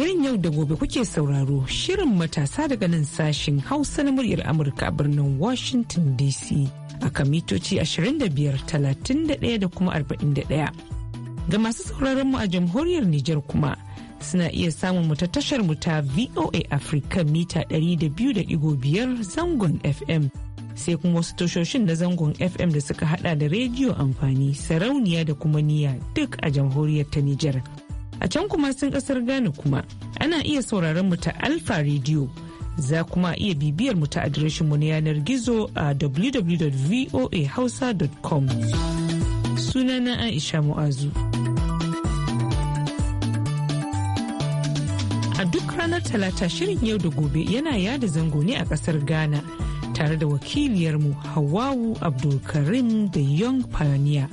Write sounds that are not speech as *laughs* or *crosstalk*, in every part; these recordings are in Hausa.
Shirin yau da gobe kuke sauraro shirin matasa daga nan sashen Hausa na muryar Amurka a birnin Washington DC a kan mitoci 25, da kuma 41. Ga masu sauraron mu a jamhuriyar Nijar kuma suna iya samun mu ta tashar mu ta VOA Africa mita 200.5 zangon FM. Sai kuma wasu tashoshin na zangon FM da suka hada da rediyo amfani sarauniya da kuma niya duk a jamhuriyar ta Nijar. a can kuma sun kasar ghana kuma ana iya sauraron mu ta alfa radio za kuma iya bibiyar mu ta adireshin mu na yanar gizo a www.voahausa.com na aisha mu'azu a duk ranar talata shirin yau da gobe yana yada zango ne a kasar ghana tare da wakiliyarmu hawawu abdulkarim da young pioneer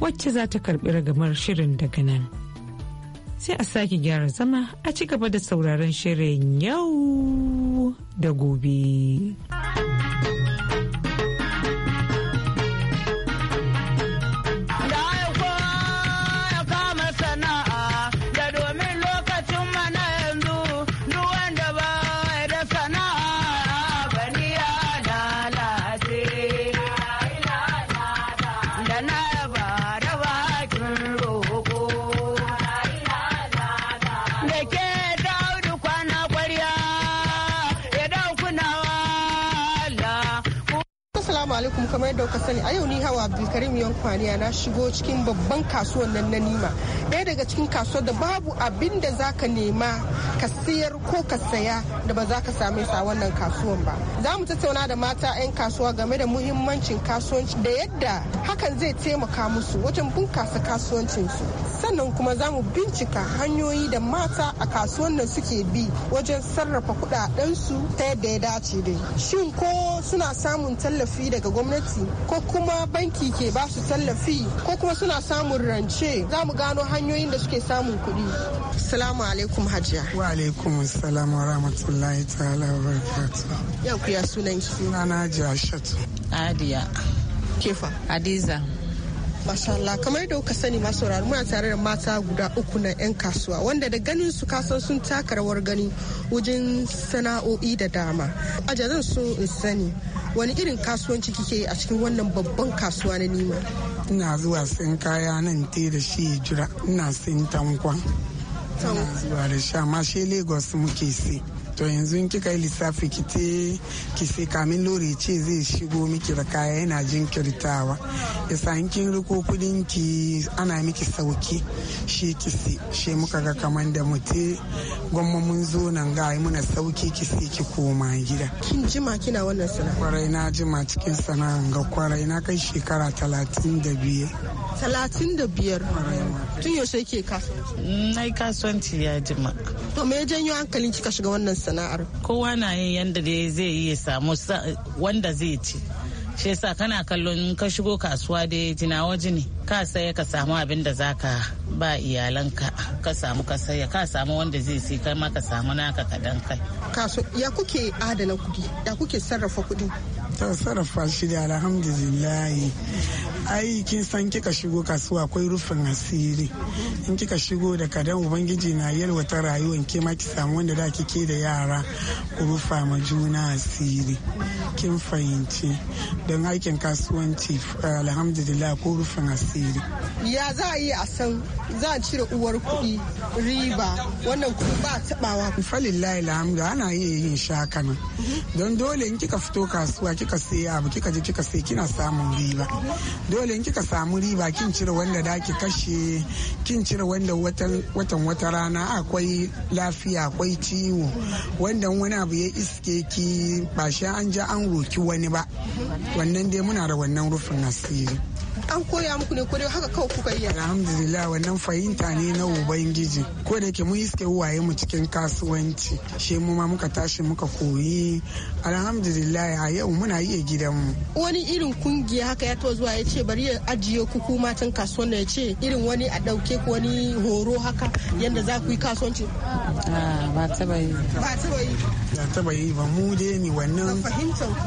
wacce za ta karbi ragamar shirin daga nan. sai a sake gyara zama a ci gaba da sauraron shirin yau da gobe. kamar yadda kuka sani a yau ni hawa abdulkarim yankwaniya na shigo cikin babban kasuwan nan na nima ɗaya daga cikin kasuwar da babu abin da za ka nema ka siyar ko ka saya da ba za ka same sa wannan kasuwan ba za mu tattauna da mata 'yan kasuwa game da muhimmancin kasuwanci da yadda hakan zai taimaka musu wajen bunkasa kasuwancinsu sannan kuma za mu bincika hanyoyi da mata a kasuwannin suke bi wajen sarrafa kudadensu ta yadda ya dace dai shin ko suna samun tallafi daga gwamnati ko kuma banki ke ba su tallafi ko kuma suna samun rance za mu gano hanyoyin da suke samun kuɗi salamu alaikum hajiya wa alaikum salam wa rahmatullahi ta'ala wa barakatuh yau ya sunan shi sunana hajiya shatu adiya kefa adiza mashallah kamar da kuka sani masu sauraro muna tare da mata guda uku na 'yan kasuwa wanda da ganin su kasan sun taka rawar gani wajen sana'o'i da dama aja zan so in sani wani irin kasuwanci kike a cikin wannan babban kasuwa na nima ina zuwa sayan kaya nan te da shi jira ina sayan tankwan ina zuwa da sha ma shi lagos muke sai to yanzu in kika yi lissafi ki te ki sai kamin lori ce zai shigo miki da kaya yana jinkirtawa sa in kin riko kudin ki ana miki sauki shi ki sai shi muka ga kaman da mutu gwamma mun zo nan ga yi muna sauki ki sai ki koma gida kin jima kina wannan sana'a kwarai na jima cikin sana'a ga kwarai na kai shekara talatin da biyar talatin da biyar tun yaushe ke kasuwanci na yi kasuwanci ya jima to me janyo hankalin kika shiga wannan sana'ar kowa na yin yadda da zai yi samu wanda zai ci shi yasa kana kallon ka shigo kasuwa da jina waje ne ka saya ka samu abin da zaka ba iyalanka ka samu ka saya ka samu wanda zai sai kai ma ka samu naka kadan kai ya kuke adana kudi ya kuke sarrafa kudi ta sarrafa shi da alhamdulillahi ai kin san kika shigo kasuwa akwai rufin asiri in kika shigo da kadan ubangiji na ta rayuwar ke ma ki samu wanda da kike da yara ku rufa ma juna asiri kin fahimci don aikin kasuwanci alhamdulillah ko rufin asiri ya za a yi a san za a cire uwar kuɗi riba wannan ku ba taɓawa falillahi alhamdulillah ana iya yin shakana don dole in kika fito kasuwa kika siya ba kika je kika sai kina samun riba dole in kika samu riba kin cire wanda da ki kashe kin cire wanda watan wata rana akwai lafiya akwai ciwo wanda wani abu ya iske ki ba shi an ji an roki wani ba wannan dai muna da wannan rufin asiri an koya muku ne ko dai haka kawai kuka yi alhamdulillah wannan fahimta ne na ubangiji ko da yake mun iske uwaye mu cikin kasuwanci she mu ma muka tashi muka koyi alhamdulillah a yau muna iya mu wani irin kungiya haka ya to zuwa ya ce bari ya ajiye ku ku matan kasuwan ya ce irin wani a dauke ku wani horo haka yanda za ku yi kasuwanci ah, ba taba yi ba taba yi ba taba yi ba mu dai ne wannan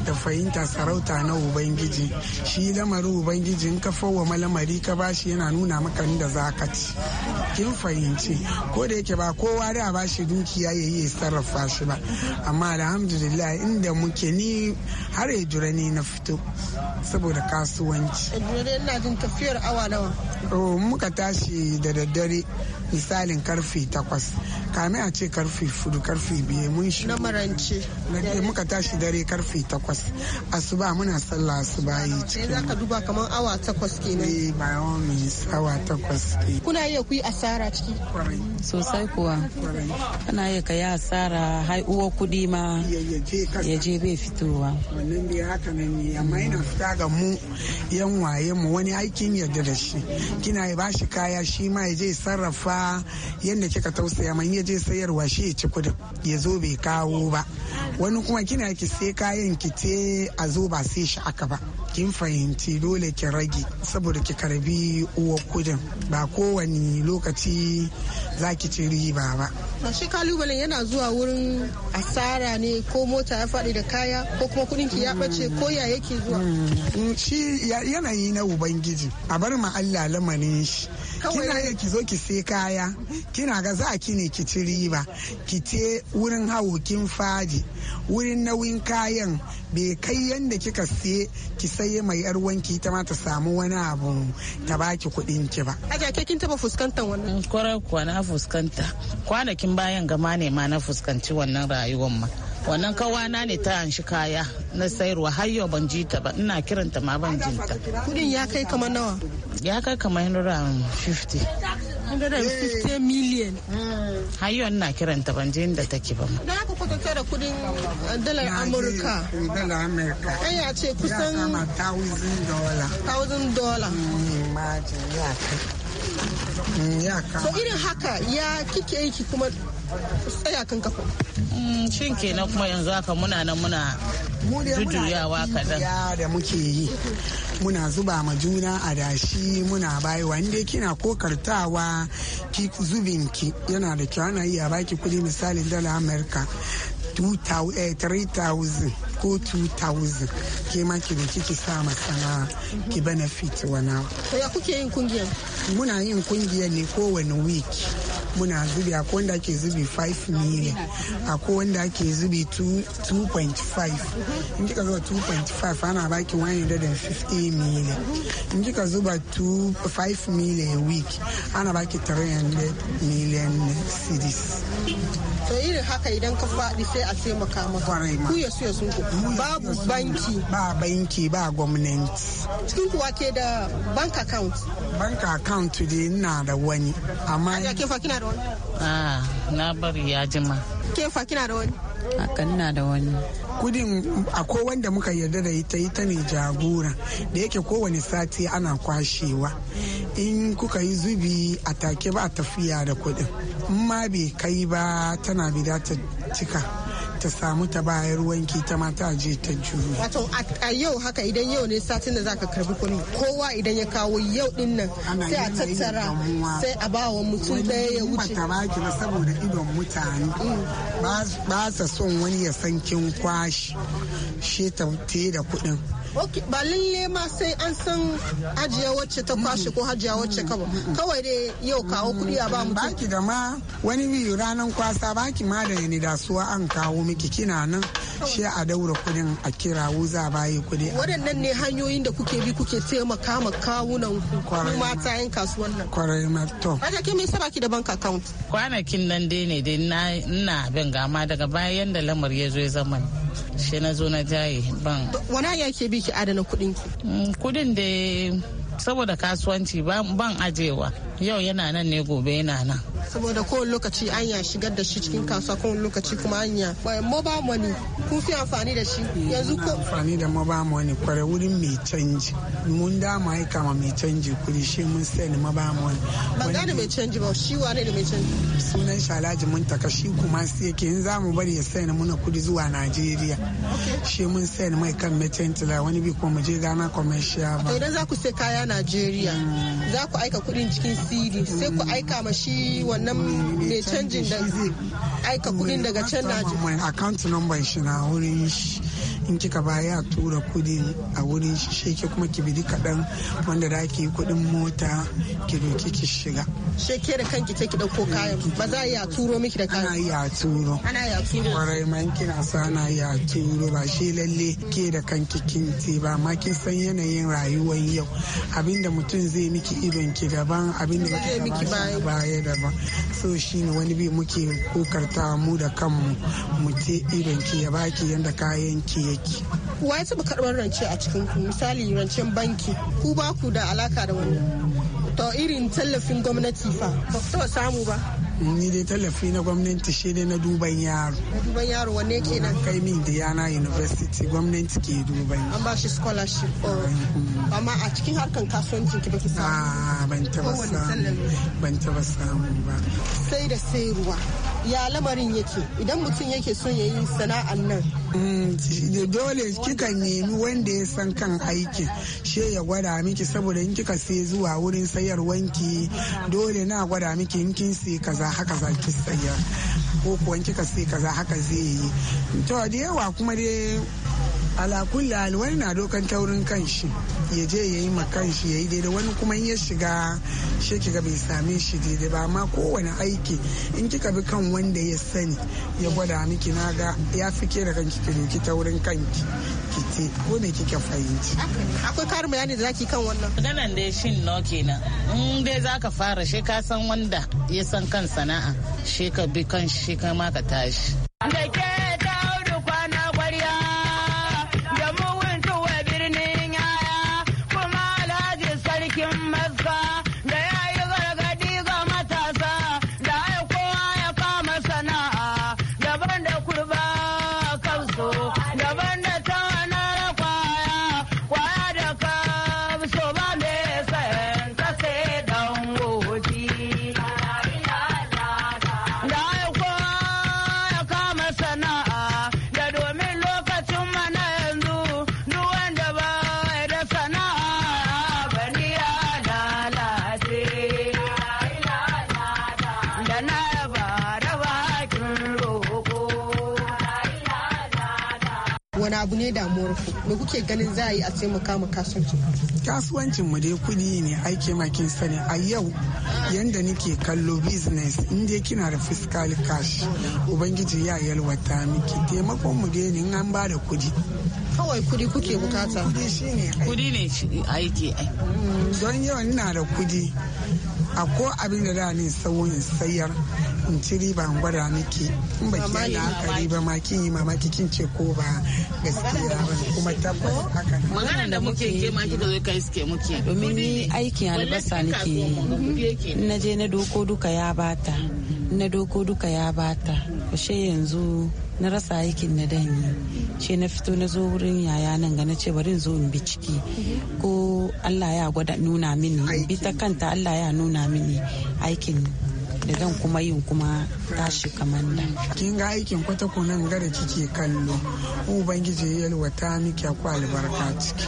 da fahimta sarauta na ubangiji shi lamarin ubangiji ka wa malamari ka bashi yana nuna maka inda za ka ci kin fahimci ko da yake ba kowa da ba shi dukiya ya yi sarrafa shi ba amma alhamdulillah inda muke ni har ya jure ne na fito saboda kasuwanci ina jin tafiyar awa nawa oh, muka tashi da daddare misalin karfe takwas kame a ce karfe fudu karfe biye mun shi na marance muka tashi dare karfe takwas asuba muna sallah asuba yi cikin za ka duba kamar awa takwas takwas kenan eh by all means awa takwas ke kuna iya kuyi asara ciki sosai kuwa kana iya ka yi asara hai uwa kudi ma ya je bai fitowa wannan dai haka nan ne amma yana fita ga mu yan waye mu wani aikin yadda da shi kina ya bashi kaya shi ma ya je sarrafa yadda kika tausaya man ya je sayarwa shi ya ci kudin ya zo bai kawo ba wani kuma kina ki sai kayan ki ce a zo ba sai shi aka ba kin fahimci dole ki rage saboda ki karbi uwa kudin ba kowane lokaci za ki ci riba ba. ba shi kalubalen yana zuwa wurin asara ne ko mota ya faɗi da kaya ko kuma kudin ki ya ɓace ko ya yake zuwa. Mm. shi yanayi na ubangiji a bar ma Allah lamanin shi kina iya ki zo ki sai kaya kina ga za ki ne ki ci riba ki ce wurin hawo kin faji wurin nauyin kayan bai kai yanda kika siye ki saye mai yar wanki ta ma ta samu wani abu ta baki kuɗin ki ba aja ke kin taba fuskantar wannan kwarar kuwa na fuskanta kwanakin bayan gama ne ma na fuskanci wannan rayuwar ma wannan kawana ne ta shi kaya na sayarwa har yau ban ji ta ba ina kiranta ma ban jin ta kudin ya kai kamar nawa ya kai kamar naira 50 150 million har yau ina kiranta ban je da take ba da haka kuka kai da kudin uh, dalar amurka dalar amurka ai eh, ya ce kusan thousand dollar 1000 dollar hmm, ya kai hmm, so irin haka ya kike yi kuma tsaya kan kafa mm, shin kenan kuma yanzu haka muna nan muna jujjuyawa kaɗan da muke yi muna zuba ma juna a dashi muna bayi wanda kina ko kokartawa ki ki yana da kyau ana iya baki kuɗi misalin dala amurka 3,000 eh, ko 2,000 ke ma ki da kiki sa masana ki benefit wana. ya kuke yin kungiyar? Muna yin kungiyar ne kowane week. muna zubi akwai wanda ake zubi 5 million akwai wanda ake zubi 2.5 in kika zuba 2.5 ana baki 150 million in kika zuba 5 million a week ana baki 300 million cedis to irin haka idan ka faɗi sai a taimaka maka ku ya su ya sun ku babu banki ba banki ba gwamnati cikin kuwa ke da bank account bank account da ina da wani amma ya ke kina da wani a ah, na bari ya jima kefa kina da wani hakan na da wani kudin akwai wanda muka yarda da ita ita ne jagora da yake kowane sati ana kwashewa in kuka yi zubi a take ba a tafiya da kuɗin ma bai kai ba tana bida ta cika ta samu ta bayar wanki ta mata je ta juru. Wato a yau haka idan yau ne satin da zaka karbi kuɗi kowa idan ya kawo yau din nan sai a tattara sai a ba wa mutum ɗaya ya wuce. Ba baki ba saboda idon mutane mm. ba sa son wani ya san kin kwashi she ta da kuɗin. ba lalle ma sai an san ajiya wacce ta kwashe ko hajiya wacce kaba kawai dai yau kawo kuɗi a ba ki baki da ma wani biyu ranan kwasa baki ma da yani da suwa an kawo miki kina nan shi a daura kudin a kira wuza bayi kuɗi waɗannan ne hanyoyin da kuke bi kuke taimaka ma kawunan ku mata yan kasuwan nan kwarai ma to ba ke me yasa baki da bank account kwanakin nan dai ne dai na ina bin gama daga bayan da lamar ya zo ya zama shi na zo na jaye ban wani hanya ke bi ki adana kudin ki mm, kudin da saboda kasuwanci ban ajewa yau yana nan ne gobe yana nan saboda kowane lokaci an ya shigar da shi cikin kasuwa kowane lokaci kuma an ya mobile money kun fi amfani da shi eh, yanzu ko amfani da mobile money kware wurin mai canji mun da dama ya kama mai canji kuri shi mun sani mobile money ban gane mai canji ba shi wane da mai canji sunan shalaji mun taka shi kuma sai yake in za mu bari ya sani muna kudi zuwa najeriya shi mun sani mai kan metentila wani bi kuma mu je gana commercial ba to idan za ku sai kaya najeriya mm. za ku aika kudin cikin cd sai ku aika ma shi wani wannan mai canjin da aika kuɗin daga can na account number shi na wurin shi in kika baya tura kudi a wurin sheke kuma ki bidi kaɗan wanda da ki kudin mota ki doki ki shiga sheke da kanki ce ki dauko kayan ba za a iya turo miki da kayan ana iya turo ana iya turo kwarai man kina sa ana iya turo ba shi lalle ke da kanki kin ce ba ma kin san yanayin rayuwar yau abinda mutum zai miki idon ki daban abinda miki baya daban so shi ne wani bi muke kokarta mu da kanmu mu ce idon ki ya baki yanda kayan ki ya aiki wa ya taɓa karɓar rance a cikin ku misali rancen banki ku ba ku da alaka da wannan to irin tallafin gwamnati fa ba ku taɓa samu ba ni dai tallafi na gwamnati shi dai na duban yaro na duban yaro wanne kenan kai min Diana University gwamnati ke duban an ba shi scholarship oh. amma a cikin harkan kasuwancin ki baki samu ah, ban taba samu ban taba samu ba sai da sai ruwa ya lamarin yake idan mutum yake son ya yi sana'an nan mm, dole kika nemi wanda ya san kan aikin she ya gwada miki saboda in kika sai zuwa wurin sayar wanki dole na gwada miki in kin sai kaza haka za ki saya ko kuwa kika sai kaza haka zai yi to da yawa kuma dai ala kulli wani na dokan taurin kan shi ya je ya yi ma kan shi ya yi daidai wani kuma in ya shiga shi kika bai same shi daidai ba amma kowane aiki in kika bi kan wanda ya sani ya gwada miki na ga ya fi ke da kanki ki doki taurin kanki ki ce ko me kika fahimci akwai karin bayani da zaki kan wannan nan da shin no kenan in dai zaka fara shi ka san wanda ya san kan sana'a shi ka bi kan shi ka ma ka tashi damuwar ku me kuke ganin za a yi a taimaka ma kasuwanci kasuwancin mu dai kudi ne aike makin sani a yau yanda nake kallo business in dai kina da fiscal cash ubangiji ya yalwata miki taimakon mu dai ne in an ba da kudi kawai kudi kuke bukata kudi shi ne Kudi ne aiki mm, don yawan ina da kudi a ko abin da da ne sauyin sayar in ci riba an gwada miki in ba ke da hankali riba ma kin yi mamaki kin ce ko ba gaskiya ba kuma tabbas haka ne magana da muke ke ma kika zo kai suke muke domin ni aikin albasa nake na je na doko duka ya bata na doko duka ya bata ashe yanzu na rasa aikin na dan yi ce na fito na zo wurin yaya nan ga na ce bari zo in bi ciki ko Allah ya gwada nuna mini bi ta kanta Allah ya nuna mini aikin da zan kuma yin kuma tashi kamar nan. Kin ga aikin kwata kunan gada kike kallo, Ubangiji ya yalwata miki akwa albarka ciki.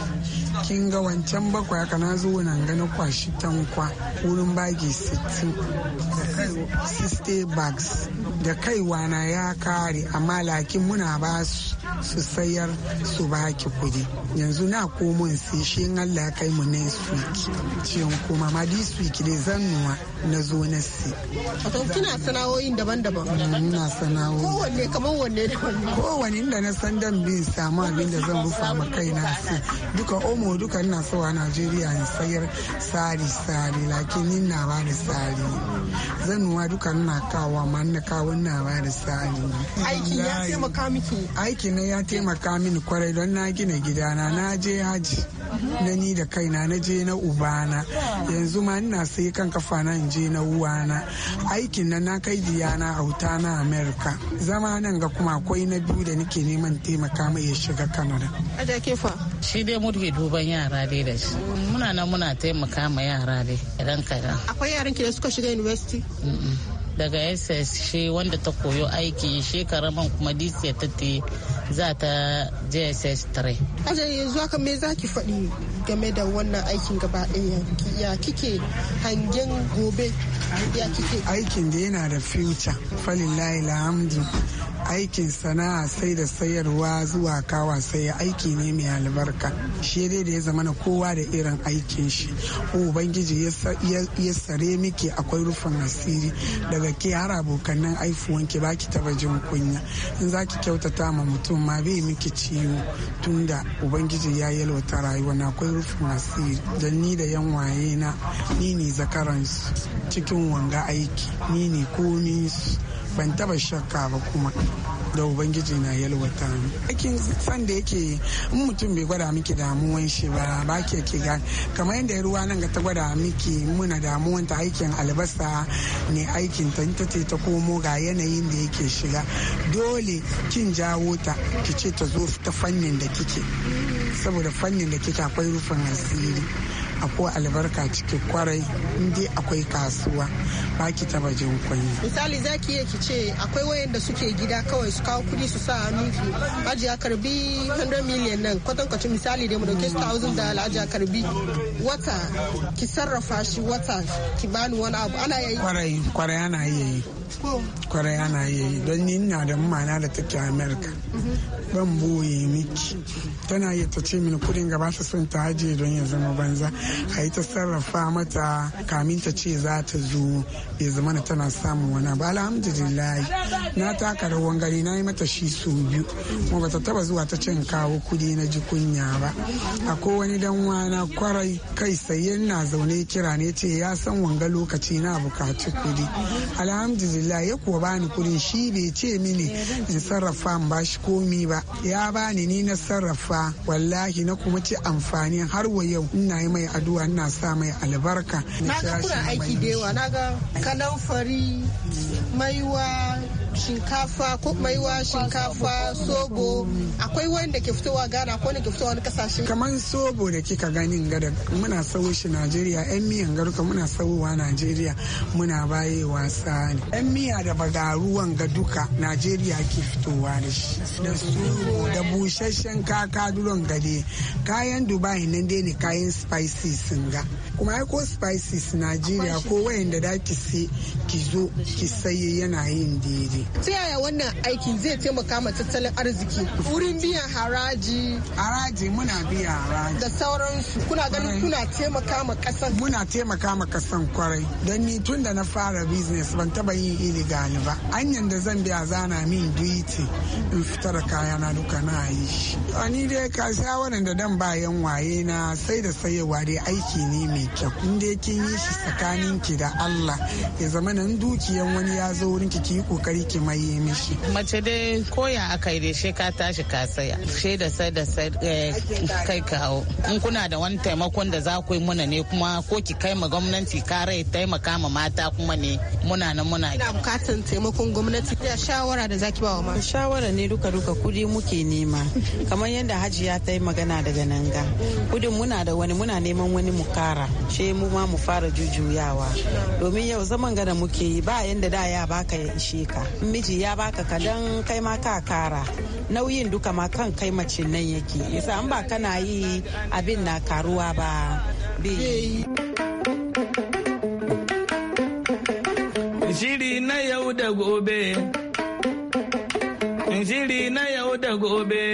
Kin ga wancan bakwai aka na zo nan gana kwashi tankwa wurin bagi 60 bags da kaiwa na ya kare amma lakin muna ba su sayar su baki kuɗi yanzu na komo sai shi Allah kai mu next week ciyan kuma ma this week dai nuna na zo na si Wato kina sana'o'in daban-daban. Ina sana'o'i. Kowanne kamar wanne da wanne. Kowanne inda na san dan bin samu abin da zan rufa ma kaina su. Duka omo duka ina so a Najeriya in sayar sari sari lakin ni na ba da sari. Zanuwa duka ina kawo ma ina kawo ina ba da sari. Aikin ya taimaka miki. Aikin ya taimaka mini kwarai don na gina gidana na je haji. na ni da kaina na je na ubana yanzu ma ina sai kan kafa na je na uwana aikin nan na kai diyana wuta na america zama nan ga kuma akwai na biyu da nake neman taimaka mai ya shiga canada ada fa. shi dai muke duban yara dai da shi muna nan muna taimaka ma yara dai idan kadan akwai yaran ki da suka shiga university daga ss shi wanda ta koyo aiki shekara man kuma dc ta te za ta jss 3 ajiye yanzu haka me za ki faɗi game da wannan aikin gaba ɗaya ya kike hangen gobe ya kike aikin da yana da future layi alhamdu aikin sana'a sai da sayarwa zuwa kawa sai aiki ne mai albarka shi dai da ya zama na kowa da irin aikin shi ubangiji ya sare miki akwai rufin asiri daga da ke har abokanan aifuwan ki baki taba jin kunya in za ki kyautata ma mutum ma bai miki ciwo tunda ubangiji ya yi lauta rayuwa na akwai rufin asiri dan ni da yan waye na ni ne zakaransu cikin wanga aiki ni ne komin su ban taba shakka ba kuma da ubangiji na yalwata ni aikin san da yake in mutum bai gwada miki damuwan shi ba ba ke ke ga kamar yadda ruwa nan ga ta gwada miki muna damuwan ta aikin albasa ne aikin ta ta ce ta komo ga yanayin da yake shiga dole kin jawo ta ki ce ta zo ta fannin da kike saboda fannin da kike akwai rufin asiri akwai albarka ciki kwarai inda akwai kasuwa ba ki taba jin kunya misali za ki iya ki ce akwai wayan da suke gida kawai su kawo kudi su sa hannu ki ajiya karbi 100 million nan kwatankwacin misali da mu dauke su 1000 da ajiya karbi wata ki sarrafa shi wata ki bani wani abu ana yayi kwarai ana yayi kwarai ana yi don ni ina da mana da take america ban boye miki tana yi ta ce mini kudin gaba ta son ta ajiye don ya zama banza a yi ta sarrafa mata kamin ta ce za ta zo ya zama na tana samun wani ba alhamdulillah na taka da gari na yi mata shi su biyu kuma bata taba zuwa ta cin kawo kudi na ji kunya ba ko wani dan wana kwarai kai sayen na zaune kira ne ce ya san wanga lokaci na bukaci kudi alhamdulillah alhamdulillah ya kuwa bani kudin shi bai ce mini in sarrafa in bashi komi ba ya bani ni na sarrafa wallahi na kuma ci amfani har wa yau ina yi mai addu'a ina sa mai albarka na ga kuna aiki da yawa na ga kalamfari maiwa shinkafa ko maiwa shinkafa sobo akwai wanda ke fitowa gana ko wanda ke fitowa wani kasashe kamar sobo da kika ganin gada muna sawo shi najeriya yan miyan garuka muna sawowa najeriya muna baye wasa ne yan miya da bagaruwan ga duka najeriya ke fitowa da shi da sobo da busasshen duron gade kayan dubai nan dai ne kayan spices sun ga kuma ai ko spices najeriya ko wayanda da ki ki zo ki saye yana yin daidai ta yaya wannan aikin zai taimaka ma tattalin arziki wurin biyan haraji haraji muna biya haraji da sauransu kuna ganin kuna taimaka ma kasan muna taimaka ma kasan kwarai don ni tun da na fara business ban taba yin iligani ba hanyar da zan biya zana min duty in fitar kayana duka na yi shi ni dai ka shawarar da dan bayan waye na sai da sayewa dai aiki ne mai kyau in dai kin yi shi tsakanin ki da Allah ya zama nan dukiyan wani ya zo wurin ki ki yi kokari ake maye mishi mace dai koya aka yi dai ka tashi ka saya she da sai da sai eh, kai kawo in kuna da wani taimakon da za ku yi muna ne kuma ko ki kai ma gwamnati kare taimaka ma mata kuma ne muna na muna ina bukatan taimakon gwamnati da shawara da zaki ba wa mata shawara ne duka duka kudi muke nema kamar yadda hajiya ta yi magana daga nan ga kudin muna da wani muna neman wani mu kara she mu ma mu fara jujuyawa domin yau zaman gada muke yi ba yanda da ya baka ya ishe ka miji ya baka kadan kai ma ka kara nauyin duka ma kan kai mace nan yake yasa an ba kana yi abin na karuwa ba bai Shiri na yau da gobe. Shiri na yau da gobe.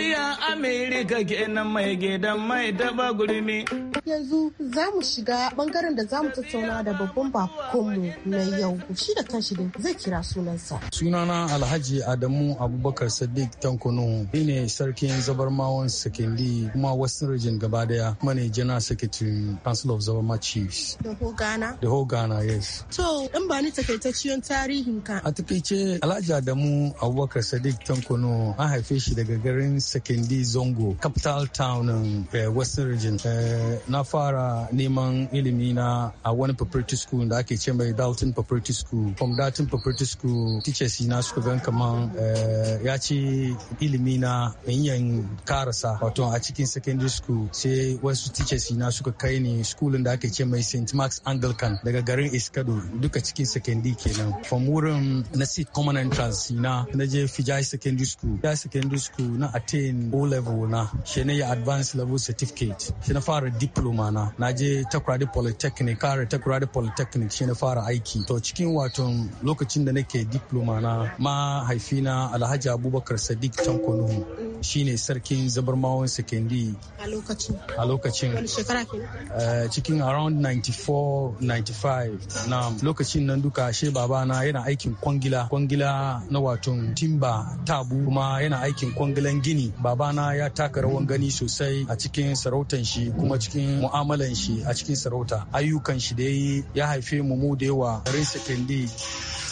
murya Amerika kenan mai gidan mai taba gurmi. Yanzu za mu shiga bangaren da za mu tattauna da babban bakonmu na yau shi da kanshi da zai kira sunansa. Sunana Alhaji Adamu Abubakar Sadiq Tankono ni ne sarkin zabarmawan sakindi kuma Western Region gaba daya kuma ne jana Secretary Council of Zabarma Chiefs. The whole Ghana? The whole Ghana, yes. To, in ba ni takaitacciyon tarihin ka. A takaice Alhaji Adamu Abubakar Sadiq Tankono an haife shi daga garin Sekendi Zongo, capital town eh, Western Region. Eh, na fara neman ilimi na a wani property school da ake ce mai Dalton property School. From Dalton property School, teachers na suka gan kaman eh, ya ci ilimi na yan karasa wato a cikin secondary school sai wasu teachers na suka kai ni school da ake ce mai St. Mark's Anglican daga garin Iskado duka cikin secondary kenan. From wurin na seat common entrance na na je Fijai Secondary School. Fijai Secondary School na attain O level na she ne yi advanced level certificate she na fara diploma na na je takurade polytechnic kare takurade polytechnic she na fara aiki to cikin wato lokacin da nake diploma na ma haifina Alhaji Abubakar Sadiq Tanko Nuhu shine sarkin zabarmawan sekendi a lokacin eh, cikin around 94-95 na lokacin nan duka she babana yana aikin kwangila kwangila na wato timba tabu kuma yana aikin kwangilan gini babana ya taka rawan gani sosai a cikin sarautan shi kuma cikin mu'amalan shi a cikin sarauta ayyukan shi da yi ya haife mu mu da yawa garin sekendi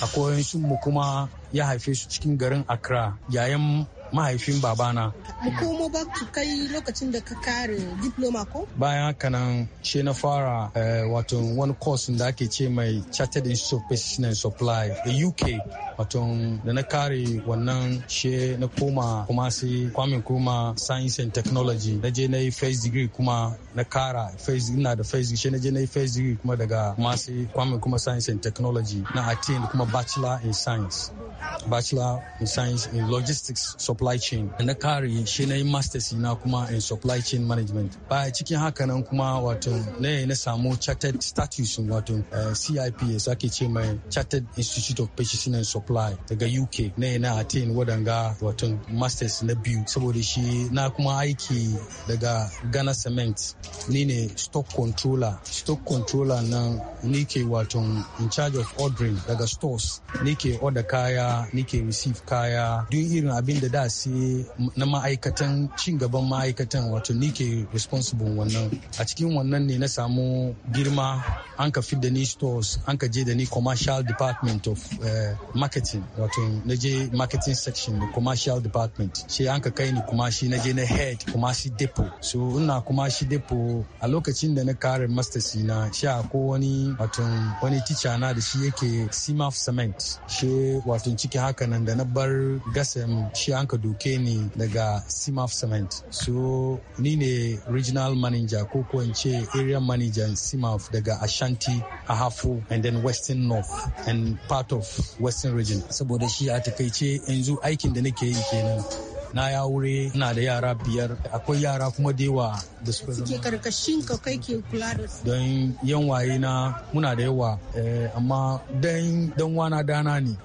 akwai mu kuma ya haife su cikin garin accra yayan mahaifin babana. Komo ba ku kai lokacin da ka kare diploma ko? Bayan haka nan she na fara eh, wato wani course da ake ce mai Chartered Institute of Business Supply the UK wato da na kare wannan she na koma kuma sai kwamin kuma Science and Technology na je na yi first degree kuma na kara first ina da first she na je na yi first degree kuma daga kuma sai kwamin kuma Science and Technology na attend kuma Bachelor in Science Bachelor in Science in Logistics Supply supply chain na kare shi na yi masters na kuma in supply chain management baya cikin haka nan kuma wato ne na samu chartered status wato eh, CIPS ake ce mai chartered institute of purchasing and supply daga UK ne na attain wadanga wato masters na biyu saboda shi na kuma aiki daga Ghana Cement ni ne stock controller stock controller nan ni ke wato in charge of ordering daga stores ni ke order kaya ni ke receive kaya duk irin abin da da sai na ma'aikatan cin gaban ma'aikatan wato ni ke responsible wannan a cikin wannan ne na samu girma an ka fit da ni stores an ka je da ni commercial department of eh, marketing wato na je marketing section da commercial department sai an ka kai ni kuma na je na head kuma shi depot so ina kuma shi depot a lokacin da na kare masters na sha ko wani wato wani teacher na da shi yake simaf cement shi wato ciki haka nan da na bar gasa shi an ka doke ni daga simaf cement so ni ne regional manager ko ko ce area manager in simaf daga ashanti ahafo and then western north and part of western region saboda shi a takaice yanzu aikin da nake yi kenan na ya wuri ina da yara biyar akwai yara kuma da yawa da suka zama suke karkashin ka kai ke kula da su don yan waye na muna da yawa eh, amma dan dan wana dana ne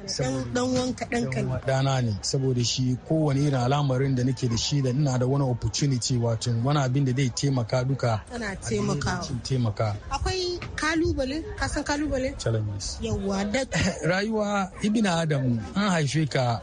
dan wanka dan kan dana ne saboda shi kowane irin al'amarin da nake da shi da ina da wani opportunity wato wani abin da zai taimaka duka ana taimaka taimaka akwai kalubale kasan kalubale challenges yawa da *laughs* rayuwa ibina adam an haife ka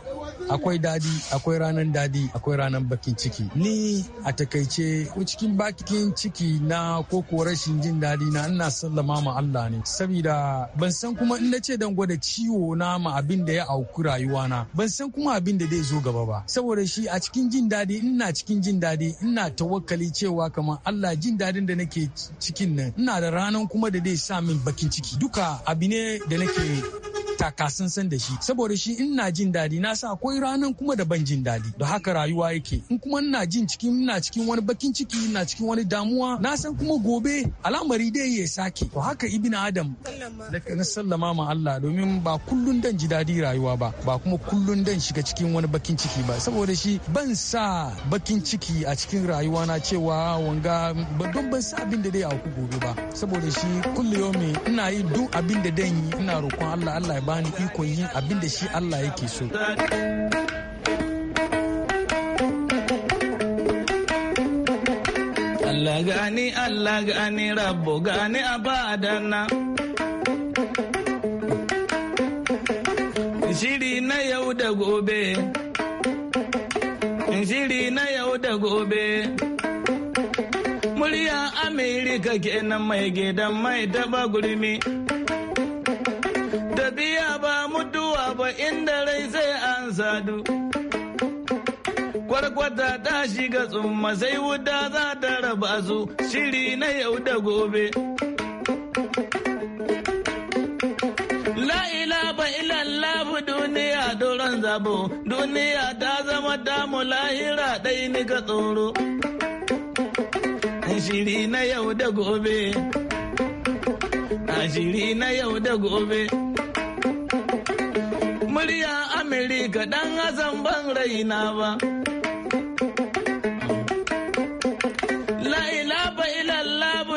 akwai dadi akwai ranar dadi akwai ranar bakin ciki ni a takaice ko cikin bakin ciki na ko ko rashin jin dadi na ina sallama ma Allah ne saboda ban san kuma in nace dan gwada ciwo na ma abin da ya auku rayuwa na ban san kuma abin da zai zo gaba ba saboda shi a cikin jin dadi ina cikin jin dadi ina tawakkali cewa kamar Allah jin dadin da nake cikin nan ina da ranan kuma da zai sa min bakin ciki duka abu da nake taka san da shi saboda shi in na jin daɗi na sa akwai ranan kuma da ban jin daɗi da haka rayuwa yake in kuma ina jin cikin ina cikin wani bakin ciki ina cikin wani damuwa na san kuma gobe al'amari dai ya sake to haka ibn adam na sallama ma Allah domin ba kullun dan ji daɗi rayuwa ba ba kuma kullun dan shiga cikin wani bakin ciki ba saboda shi ban sa bakin ciki a cikin rayuwa na cewa wanga ban ban sa abin da dai a gobe ba saboda shi kullu yomi ina yi duk abin da dan yi ina roƙon Allah Allah ya bani ikon yin abin da shi Allah yake so. Allah gani Allah gani rabbo gani abadana. Shiri na yau da gobe. Shiri na yau da gobe. murya Amerika kenan mai gidan mai taba gurmi. Tabi inda rai sai an sadu kwarkwata ta shiga tsumma sai wuta za ta raba su shiri na yau da gobe illallahu duniya doron zabo duniya ta zama damu lahira ɗai ni tsoro shiri na yau da gobe shiri na yau da gobe murya amerika dan azan ban raina ba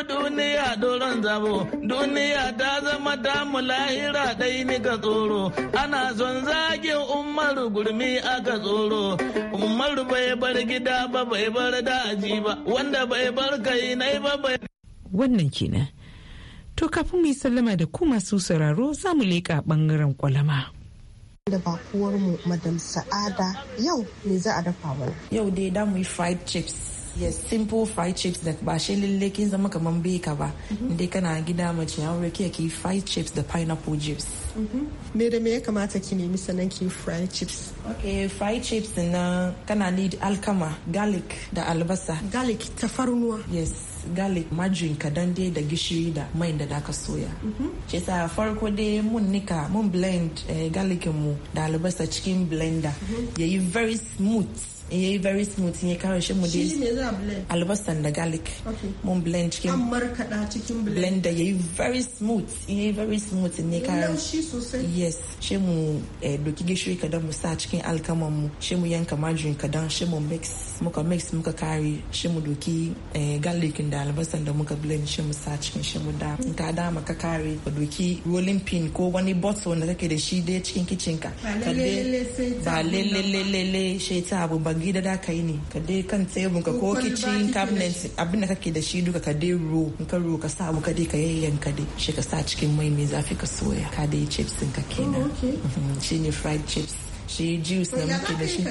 duniya doron zabo duniya ta zama damu lahira ɗai ni ga tsoro ana son zagin umar gurmi aka tsoro umar bai bar gida ba bai bar daji ba wanda bai bar kai nai ba bai wannan kenan to kafin mu yi sallama da ku masu sauraro za mu leƙa ɓangaren kwalama. da bakuwar mu madam sa'ada yau me za a dafa mana yau dai da yi fried chips yes simple fried chips da ba shi lalle kin zama kamar beka ba mhm. indai kana gida mace wuri kiya ki fried chips da pineapple chips mhm. me da me ya kamata ki nemi sanan ki fried chips okay fried chips na kana need alkama garlic da albasa garlic ta tafarnuwa yes garlic margarine ka dai da gishiri da mai da daka soya. Ce mhm. sa farko dai mun nika mun blend eh, garlic mu da albasa cikin blender yayi very smooth Eh, ya yi very smooth ya kawo shi mu dai albasan da garlic mun blend cikin an markada cikin blender ya yi very smooth ya yi very smooth ne sosai. yes shi mu eh, doki gishiri kadan mu sa cikin alkaman mu shi mu yanka margarine kadan shi mu mix muka mix muka kare shi mu doki eh, garlic da albasan da muka blend shi mu sa cikin shi mu da in da ma ka kare ka doki rolling pin ko wani bottle da kake da shi dai cikin kicin ka ba lele lele shi ta abu ba a gida da yi ne ka dai kan tebun ka ko kicin cabinet abin da kake da shi duka ka dai ro in ka ro ka sa ka dai ka yayyanka dai shi ka sa cikin mai mai zafi ka soya ka dai chips ka kenan oh, mhm, ne fried chips shi juice da muke da shi.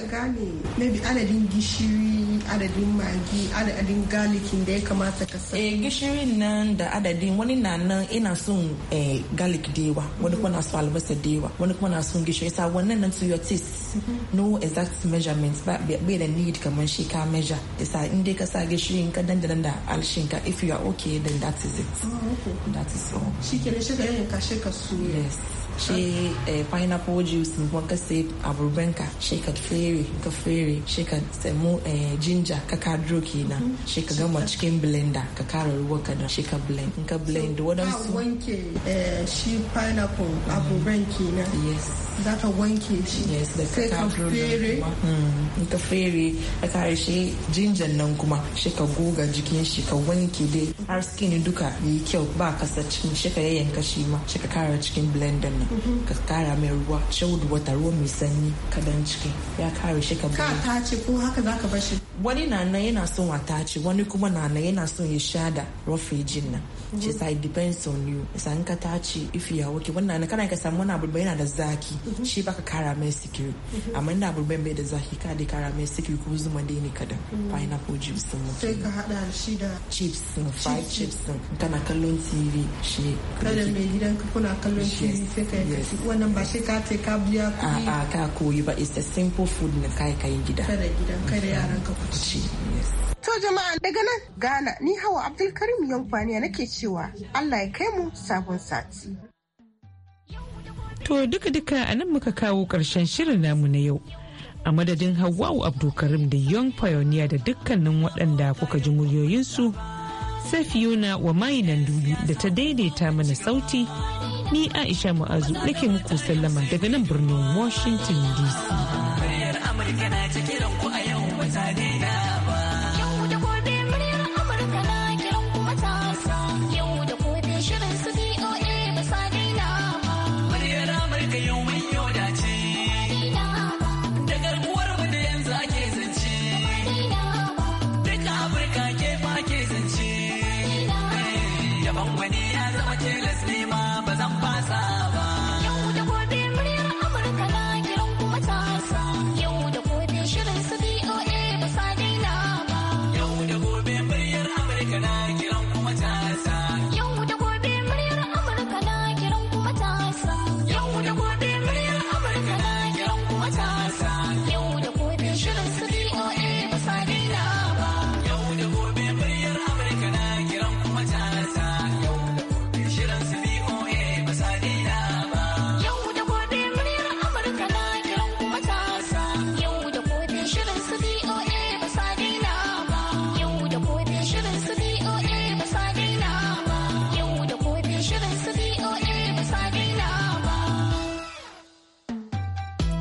Maybe adadin gishiri, adadin magi, adadin garlicin da ya kamata ka sa. Eh gishiri nan da adadin wani na nan ina son eh garlic da yawa, wani kuma na son albasa da yawa, wani kuma na son gishiri. Sa wannan nan to your taste. Mhm. No exact measurements ba be da need kamar shi ka measure. Isa in dai ka sa gishiri ka danda da dan if you are okay then that is it. Oh, okay. That is all. Shi kenan shi ka yanka shi ka su. Yes. Shi eh, pineapple juice mun ka aburbanka eh, mm-hmm. she ka fere ka fere shi ka samu jinja ka kadro kenan she ka gama cikin blender ka kara ruwa ka da shi ka blend in ka blend wadansu wanke eh, shi pineapple mm-hmm. aburban kenan yes za ka wanke shi Yes da ka fere mm-hmm. in ka fere ka kare shi jinjan nan kuma shi ka goga jikin shi ka wanke dai har skin duka yi kyau ba kasa cikin shi ka yayyanka shi ma she ka kara cikin blender nan ka kara mai ruwa shaudu wata ruwa mai sanyi sanyi kadan ciki ya kare shi ka ka tace ko haka zaka bar shi wani na yana son a tace wani kuma na yana son ya sha da rufe jin nan She said it depends on you. San ka tace ifiya okay wannan kana ka samu wani abu yana da zaki mhm. shi baka kara mai sikiri. Mhm. Amma ina abu bai da zaki ka da kara mai sikiri ko zuma dai ne kadan. Mhm. Pineapple juice sun mutu. Sai ka hada shi da chips sun fried chips sun kana kallon TV shi. Kada mai gidan ka kuna kallon TV sai ka yi wannan ba shi ka ce ka biya kuɗi. A'a ah, ah, ka koyi ba it's a simple food na kai kai gida. Kada gidan kada yaran ka ku ci. Yes. To jama'a daga nan Ghana ni hawa Abdulkarim Yankwaniya nake cewa Allah ya kai mu sabon sati. To duka-duka a nan muka kawo ƙarshen shirin namu na yau. A madadin Hawwa'u Abdulkarim da Young Pioneer da dukkanin waɗanda kuka ji muryoyinsu sai Fiona wa mayinan dubi da ta daidaita mana sauti ni Aisha Mu'azu nake muku sallama daga nan birnin Washington DC.